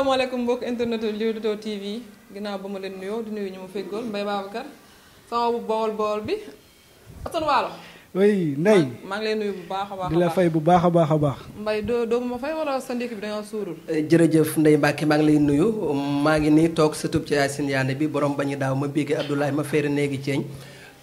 asalaamaaleykum mbokk internet Leewtoo TV ginnaaw ba ma leen nuyoo di nuyu ñu ma feggool Mbaye Babacar sama bu bool bool bi Assane Waalo. oui Ndeye ah, maa ngi leen nuyu bu baax a baax fay bu baax a baax a baax. Mbaye doo doo ma fay wala sa ndékki bi dañoo suurul. Eh, jërëjëf Ndeye Mbacke maa ngi lay nuyu maa ngi nii toog sa tub ci Yacine Yane bi borom bañu daaw ma béegi Abdoulaye ma féere néegi ceeñ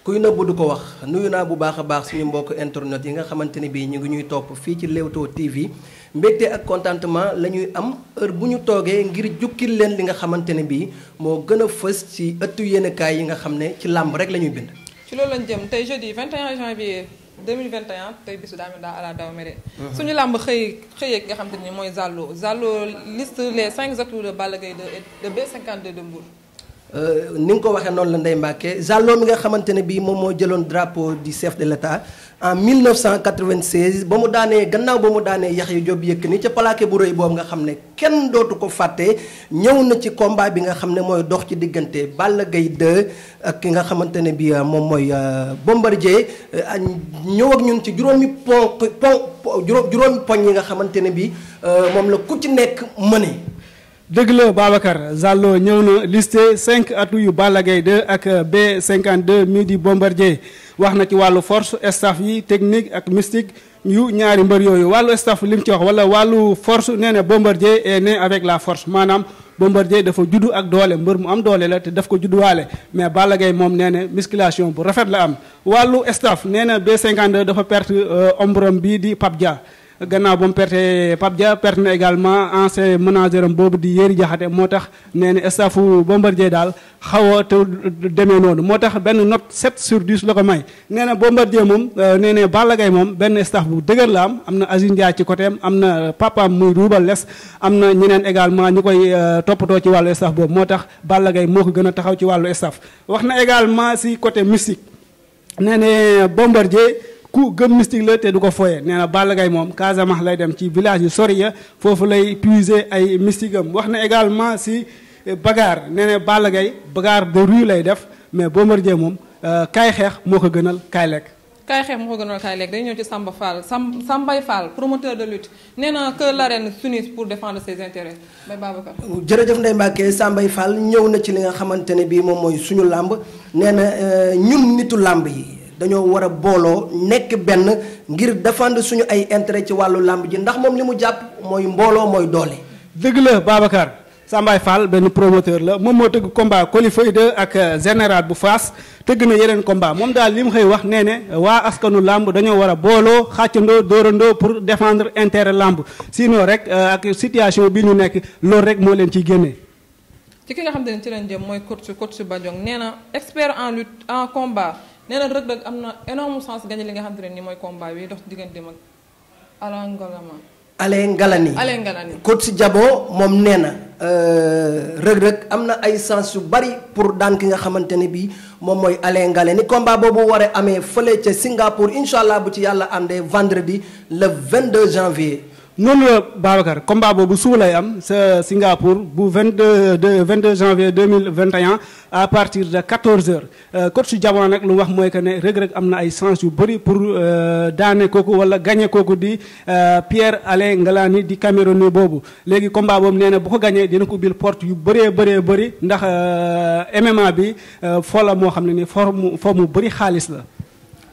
kuy nëbb du ko wax nuyu naa bu baax a baax suñu mbokk internet yi nga xamante ne bii ñu ngi ñuy topp fii ci Leewtoo TV mbégte ak contentement la ñuy am heure bu ñu toogee ngir jukkil leen li nga xamante ne bii moo gën a fës ci ëttu yéenekaay yi nga xam ne ci làmb rek la ñuy bind. ci loolu lañ jëm tey jeudi 21 janvier 2021 tey bisu daa daa ala daw mere. suñu làmb xëy xëyeeg nga xam te ni mooy Zallo Zallo liste les 5 atouts de Balla gay de B52 de Mbour. Euh, ni nga ko waxee noonu la ndey Mbacke Jallo mi nga xamante ne bii moom moo jëloon drapeau du chef de l'État en 1996 ba mu daanee gannaaw ba mu daanee Yaxya Diop Yékini ca plaqué bu rëy boobu nga xam ne kenn dootu ko fàtte ñëw na ci combat bi nga xam ne mooy dox ci diggante Balla Gaye 2 ak ki nga xamante ne bii euh, moom mooy euh, Bombardier ñëw ak ñun ci juróomi ponk ponk juróomi poñ yi nga xamante ne bii moom la ku ci nekk mëne dëgg la Babacar Zallo ñëw na listé cinq atout yu ballagay de ak B52 mii di bombardier wax na ci wàllu force staff yi technique ak mystique yu ñaari mbër yooyu wàllu staff li mu ci wax wala wàllu force nee na bombardier est né avec la force maanaam bombardier dafa juddu ak doole mbër mu am doole la te daf ko judduwaale mais Balla Gaye moom nee na musculation bu rafet la am wàllu staff nee na cinquante 52 dafa perte euh, ombrom bii di Pape Dia gannaaw ba mu perte Pape Dia perte na également ancien manager am boobu di Yéri Jaxate moo tax nee na staffu Bombardier daal xaw a te demee noonu moo tax benn not set sur 10 la ko may. nee na Bombardier moom euh, nee na Balla Gaye moom benn staff bu dëgër la am am na Aziz Ndiaye ci côté am na papaam muy ruubal les am na ñeneen également ñu koy euh, toppatoo ci wàllu staff boobu moo tax Balla moo ko gën a taxaw ci wàllu staff. wax na également si côté mystique nee ku gëm mystique la te du ko fooyee nee na gay Gaye moom Casamance lay dem ci village yu sori ya foofu lay puiser ay mystique am wax na également si eh, bagaar nee na gay Gaye bagarre de rue lay def mais boo jee moom euh, kaay xeex moo ko gënal kaay lekk. kaay xeex moo ko gënal kaay lekk dañu ñëw ci Samba Fall Sam Sambay Fall promoteur de lutte nee na que l'arène s'unisse pour défendre ses intérêts bay a jërëjëf Ndeye Mbacke Sambay Fall ñëw na ci li nga xamante ne bii moom mooy suñu làmb nee na euh, ñun nitu làmb yi. dañoo war a booloo nekk benn ngir défendre suñu ay intérêt ci wàllu làmb ji ndax moom li mu jàpp mooy mbooloo mooy doole. dëgg la Babacar Sambaay Fall benn promoteur la moom moo tëgg combat Colifayda ak euh, général bu fas tëgg na yeneen combat moom daal li mu xëy wax nee ne waa askanu làmb dañoo war a booloo xàccandoo dóorandoo pour défendre intérêt làmb sinon rek euh, ak situation bi ñu nekk loolu rek moo leen ciy génnee. ci ki nga xam ne ci leen jëm mooy coach coach Badiong nee na expert en lutte en combat. nee na Reug am na énorme chance gagné li nga xam te ne nii mooy combat bi dox diggante mag Alain Ngalani. Alain Ngalani Alain Ngalani. jaboo moom nee na euh, Reug Reug am na ay chance yu bari pour daan ki nga xamante ne bii moom mooy Alain Ngalani combat boobu war a amee fële ca Singapour incha allah bu ci yàlla àndee vendredi le 22 janvier. noonu la Babacar combat boobu suba lay am sa Singapour bu 22 de 22 janvier 2021 à partir de 14h euh, coach su jamono nag lu wax mooy que ne Reug Reug am na ay chance yu bëri pour euh, daane kooku wala gagné kooku di euh, Pierre Alain Ngalani di Cameroun boobu. léegi combat boobu nee na bu ko gañee dina ko ubbil porte yu bëree bëree bëri ndax MMA bi fola moo xam ne ni forme foo mu bëri xaalis la.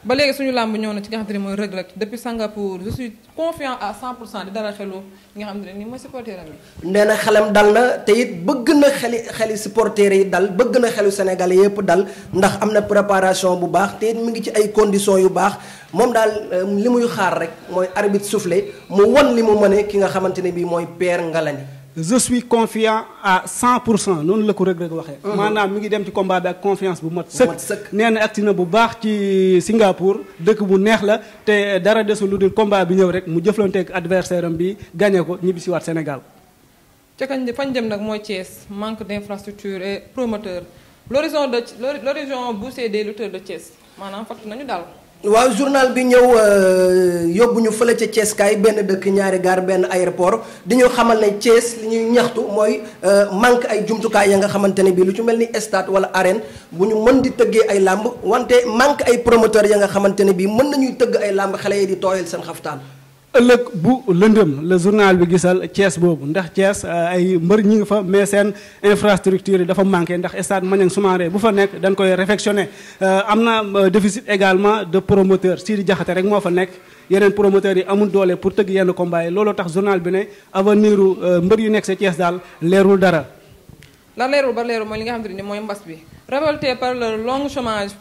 ba léegi suñu làmb ñëw na ci nga xam te ne mooy Reug Reug depuis Singapour je suis confiant à 100% di dara xelu nga xam ne nii mooy supporter am yi. nee na xelam dal na te it bëgg na xeli xeli supporter yi dal bëgg na xelu Sénégal yëpp dal ndax am na préparation bu baax te mu ngi ci ay conditions yu baax moom daal euh, li muy xaar rek mooy arbitre soufflé mu won li mu mëne ki nga xamante ne bii mooy Pierre Ngalani. je suis confiant à cent pour cent noonu la ko Reug Reug waxee. Uh-huh. maanaam mi ngi dem ci combat bi ak confiance bu mat. bu mat sëkk nee na agsi na bu baax ci Singapour dëkk bu neex la te dara desul lu dul combat bi ñëw rek mu jëflanteeg adversaire am bi gagné ko ñibbisiwaat Sénégal. ca kañ fañ jëm nag mooy Thiès manque d'infrastructure et promoteur l'horizon de l'horizon bousee des lutteurs de Thiès maanaam fàttali nañu daal. waaw journal bi ñëw euh, yóbbu ñu fële ca Thiès benn dëkk ñaari gar benn aéroport di ñu xamal nañ Thiès li ñuy ñaxtu mooy euh, manque ay jumtukaay ya nga xamante ne bii lu ci mel ni stade wala arène bu ñu mën di tëggee ay làmb wante manque ay promoteur ya nga xamante ne bii mën nañuy tëgg ay làmb xale yi di tooyal seen xaftaan ëllëg bu lëndëm la journal bi gisal Thiès boobu ndax Thiès euh, ay mbër ñi ngi fa mais seen infrastructure yi dafa manqué ndax stade Maniang Soumaré bu fa nekk dañ koy réfectionné euh, am na euh, déficit également de promoteur Sidi Diakhaté rek moo fa nekk yeneen promoteurs yi amul doole pour tëgg yenn combat looloo tax journal bi ne avenir u mbër yu nekk sa Thiès daal leerul dara la leerul ba leerul mooy li nga xamante ne mooy mbas bi révolté par le long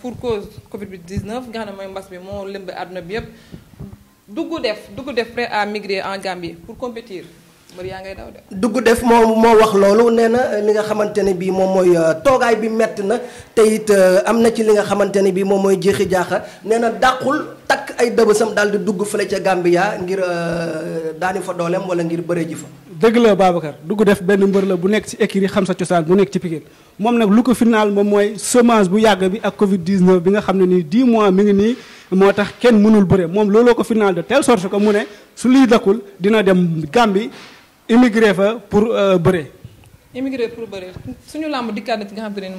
pour cause Covid 19 mbas bi moo lëmb àdduna bi yëpp dugg def dugg def prêt à migrer en Gambie pour compétir mbër yaa ngay daw de. dugg def moo moo wax loolu nee na li nga xamante ne bii moom mooy euh, toogaay bi metti na te it euh, am na ci li nga xamante ne bii moom mooy jeexi jaaxa nee na dàqul takk ay dëbësam daal di dugg fële ca Gambia ngir euh, daani fa dooleem wala ngir bëree ji fa. dëgg la Babacar dugg def benn mbër la bu nekk ci écurie xam sa cosaan bu nekk ci Pikine moom nag lu ko final moom mooy chômage bu yàgg bi ak Covid 19 bi nga xam ne nii 10 mois mi ngi nii. moo tax kenn mënul bëre moom looloo ko final de telle sorte ko mu ne su lii dakul dina dem Gambie immigré fa pour euh, bëre. immigré pour bëre suñu làmb dikkaat na ci nga xam te ne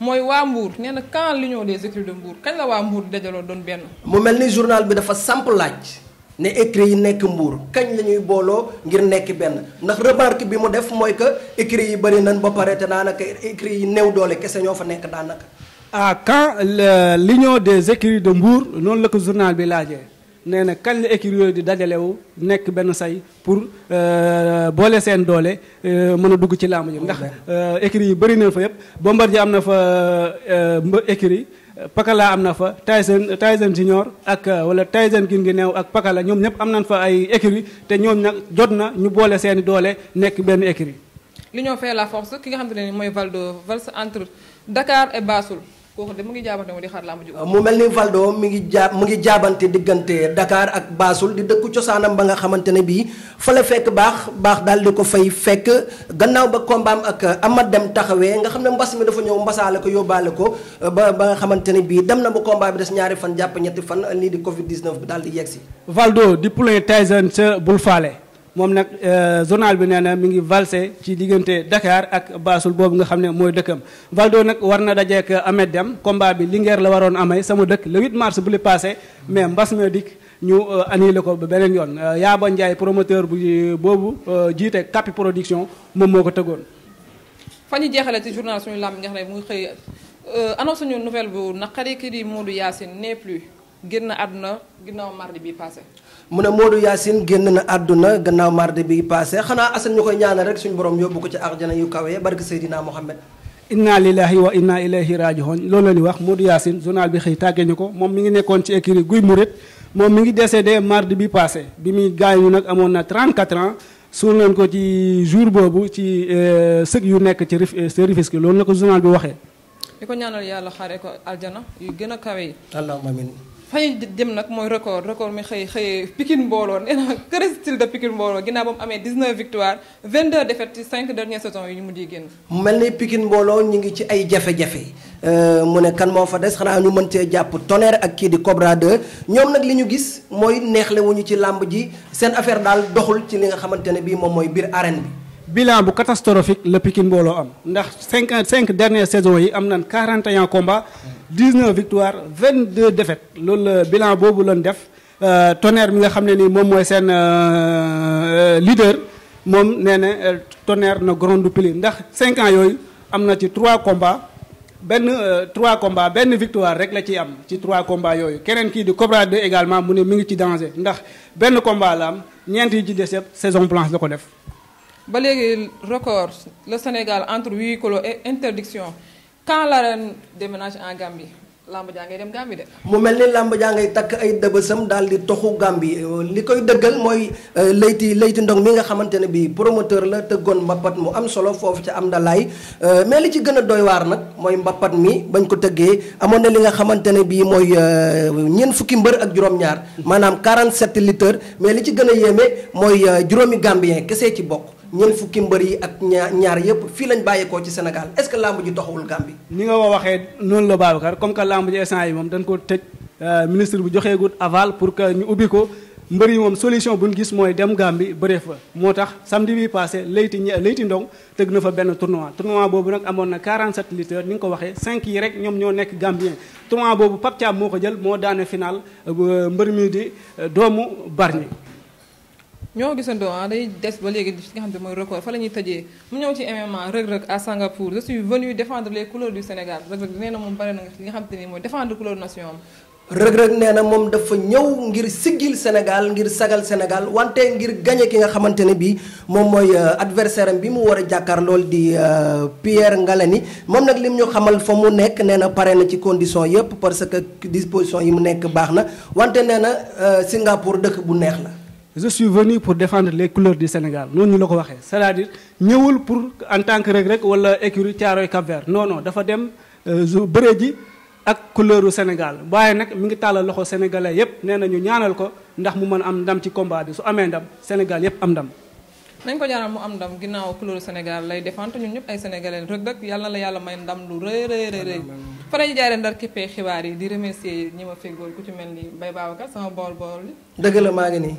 mooy waa Mbour nee na quand l'union des écuries de Mbour kañ la waa Mbour dajaloo doon benn. mu mel ni journal bi dafa samp laaj. ne écuries yi nekk Mbour kañ la ñuy booloo ngir nekk benn ndax remarque bi mu def mooy que écuries yi bëri nañ ba pare te daanaka écuries yi new doole kese ñoo fa nekk daanaka. à quand l'union des écuries de Mbour noonu la ko journal bi laajee nee na kañ la écuries yooyu di dajalewu nekk benn say pour euh, boole seen doole euh, mën a dugg ci làmb ji ndax euh, écuries yi bëri na fa yëpp Bombardier am na fa écurie Pakala am na fa Tyson Tyson Junior ak wala Tyson gin ngi neew ak Pakala ñoom ñëpp am nañ fa ay écurie te ñoom nag jot na ñu boole seen i doole nekk benn écurie. l'union fait la force ki nga xam ne mooy Valdo valse entre Dakar et Bassoul. kooku de mu ngi jaabante wu di xaar làmb ji ah, mu mel ni Valdo mi ngi jaa mu ngi jaabante diggante Dakar ak Baasul di dëkku cosaanam ba nga xamante ne bii fa la fekk baax baax daal di ko fay fekk gannaaw ba kombaam ak Amad Dem taxawee nga xam ne mbas mi dafa ñëw mbasaale ko yóbbaale ko ah, ba ba nga xamante ne bii dem na ba combat bi des ñaari fan jàpp ñetti fan lii di Covid 19 bi daal di yegg si. Valdo di poulain Tyson sa bul faale. moom nag euh, journal bi nee na mi ngi valsé ci diggante dakaar ak Bassoul boobu nga xam ne mooy dëkkam Valdo nag war na dajeek amee dem combat bi Linguère la waroon amee sama dëkk le 8 mars bu li passé mais mbas ma dikk ñu euh, annulé ko ba beneen yoon euh, Yaaba Ndiaye promoteur bu boobu jiite Capi Production moom moo ko tëggoon fa ñu jeexale ci journal suñu làmb nga xam ne mu ngi xëy annonce ñu nouvelle bu naqari kii di Modou Yacine ne plus génn àdduna ginnaaw mardi bi mu ne Modou Yacine génn na àdduna gannaaw mardi bi passé xanaa Assane ñu koy ñaanal rek suñu borom yóbbu ko ci arjana yu kawe barke Seydina Mohamed. inna lillahi wa inna ilayhi rajihoon loolu la ñu wax Modou Yacine journal bi xëy tàggee ñu ko moom mi ngi nekkoon ci écurie Guy Mouride moom mi ngi décédé mardi bi passé bi muy gaañu nag amoon na 34 ans. suul nañ ko ci jour boobu ci euh, sëg yu nekk ci Rufisque euh, loolu la ko journal bi waxee. di ko ñaanal yàlla xaaree ko aljana gën a kawe yi. allahumma amiin. fañu dem nag mooy record record mi xëy xëyee Pikine mbooloo nee na kër style de Pikine mbooloo ginnaaw ba mu amee 19 victoires 22 défaites ci cinq dernières saisons yi ñu mujj génn. mu mel ni pikin mbooloo ñu ngi ci ay jafe-jafe euh, mu ne kan moo fa des xanaa ñu mën cee jàpp tonnerre ak kii di Cobra 2 ñoom li ñu gis mooy neexle wuñu ci làmb ji seen affaire daal doxul ci li nga xamante ne bii moom mooy biir arène bi. bilan bu catastrophique la Pikine mbooloo am ndax cinq dernières saisons yi am nañ 41 combats. 19 victoires 22 défaites loolu la bilan boobu loonu def euh, tonnerre mi nga xam ne ni moom mooy seen euh, leader moom nee na euh, tonnerre na grande pli ndax 5 ans yooyu am na ci 3 combats benn 3 combats benn victoire rek la ciy am ci trois combats yooyu keneen kii di Cobra 2 également mu ne mi ngi ci danger ndax benn combat la am ñeent yi ci des yëpp saison plance la ko def. ba léegi record le Sénégal entre huis clos et interdiction. quand l'arène déménage en Gambie làmb jaa ngay dem Gambie de. mu mel ni làmb jaa ngay takk ay dëbësam daal di toxu Gambie euh, li koy dëggal mooy euh, Leyti Leyti ndox mi nga xamante ne bii promoteur la tëggoon mbappat mu am solo foofu ca am ndalaay euh, mais li ci gën a doy waar nag mooy mbappat mi bañ ko tëggee amoon na li nga xamante ne bii mooy ñeent fukki mbër ak juróom-ñaar maanaam 47 litres mais li ci gën a yéeme mooy juróomi Gambien kese ci bokk. ñeent fukki mbër yi ak ñaar ñaar yëpp fii lañ bàyyeekoo ci Sénégal est-ce que làmb ji toxawul Gambie. ni nga ko waxee noonu la Babacar comme que làmb ji instant yi moom dañ ko tëj euh, ministre bu joxeegut aval pour que ñu ubbi ko mbër yi moom solution bu ñu gis mooy dem Gambie bëree fa moo tax samedi bi passé Leyti ñe Leyti Ndong tëgg na fa benn tournoi tournoi boobu nag amoon na 47 lutteurs ni nga ko waxee 5 yi rek ñoom ñoo nekk Gambien tournoi boobu Pape Thiam moo ko jël moo daane final euh, mbër mi di euh, doomu Bargny. ñoo gisandoo ah day des ba léegi fi nga xam ne mooy record fa la ñuy tëjee mu ñëw ci MMA rëg-rëg à Singapour je suis venu défendre les couleurs du Sénégal rëg-rëg nee na moom bare na li nga xam te ni nee na moom dafa ñëw ngir siggil Sénégal ngir sagal Sénégal wante ngir gañe ki nga xamante ne bi moom mooy euh, adversaire am bi mu war a jàkkaar lool di euh, Pierre Ngalani moom nag lim ñu xamal fa mu nekk nee na pare na ci condition yëpp parce que disposition yi mu nekk baax na wante nee na euh, Singapour dëkk bu neex la je suis pour défendre lee couleurs di Sénégal noonu ñu la ko waxee c'est-à-dire ñëwul pour en tant que rek Reug wala écurie Thiaroye Cap Vert non dafa dem euh, bëre ji ak couleuru Sénégal waaye nag mi ngi tàllal loxo sénégalais yépp nee na ñu ñaanal ko ndax mu mën am ndam ci combat bi su amee ndam Sénégal yépp am ndam. nañ ko ñaanal mu am ndam ginnaaw couleuru Sénégal lay défendre ñun ñëpp ay sénégalais Reug Reug yàlla la yàlla may ndam lu rëy rëy rëy. fa nañu jaaree ndar xibaar yi di remercier ñi ma feggool ku ci mel ni Baye Babacar sama bool bool. dëgg la maa ngi nii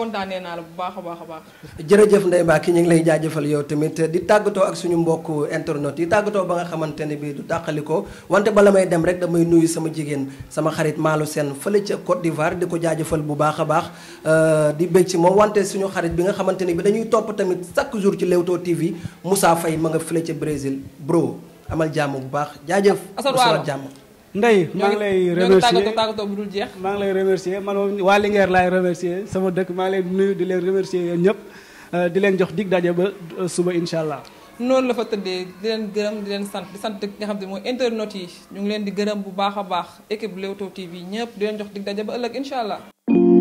kontaanee naa la bu baax a baax a baax. jërëjëf Ndeye Mbacke ñu ngi lay jaajëfal yow tamit di tàggatoo ak suñu mbokk internet yi tàggatoo ba nga xamante ne bii du tàqalikoo wante bala may dem rek damay nuyu sama jigéen sama xarit Malo Sène fële ca Côte d'Ivoire di ko jaajëfal bu baax a baax euh, di bëgg moom wante suñu xarit bi nga xamante ne bi dañuy topp tamit chaque jour ci Leewtoo TV Moussa fay ma nga fële ca Brésil bro amal jàmm bu baax jaajëf. asalaamaaleykum jàmm. Ndeye maa ngi lay remercier ñoo bu dul jeex. maa ngi lay remercier man moom waa lingeer laay remercier sama dëkk maa ngi leen nuyu di leen remercier yéen ñëpp euh, di leen jox dig daje ba euh, suba incha allah. noonu la fa tëddee di leen gërëm di leen sant di sant ki xam ne mooy internautes yi ñu ngi leen di gërëm bu baax a baax équipe Leewtoo TV ñëpp di leen jox dig daje ba ëllëg incha allah.